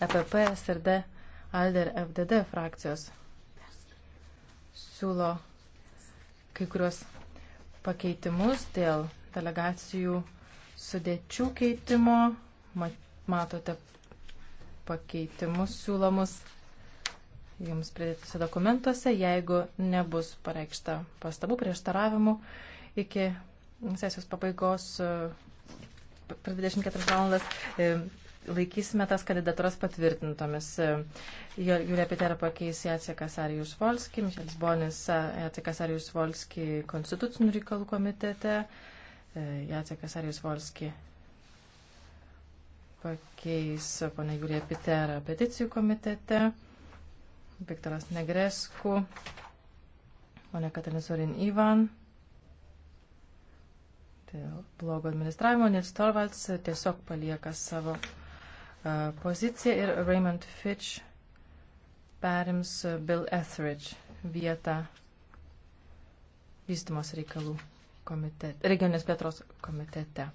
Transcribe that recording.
EPP, SRD, ALDER, FDD frakcijos siūlo kai kurios pakeitimus dėl delegacijų sudėčių keitimo. Matote pakeitimus siūlomus jums pridėtose dokumentuose, jeigu nebus pareikšta pastabų prieštaravimų iki sesijos pabaigos e, per 24 valandas e, laikysime tas kandidatūras patvirtintomis. Julia Pitera pakeis Jacekas Arijus Volski, Mišelis Bonis e, Jacekas Arijus Volski konstitucinių reikalų komitete, e, Jacekas Arijus Volski pakeis pana Julia Pitera peticijų komitete, Viktoras Negresku, ponia Katalin Sorin Ivan dėl blogo administravimo, nes Torvalds tiesiog palieka savo poziciją ir Raymond Fitch perims Bill Etheridge vietą vystimos reikalų komitete, regionės plėtros komitete.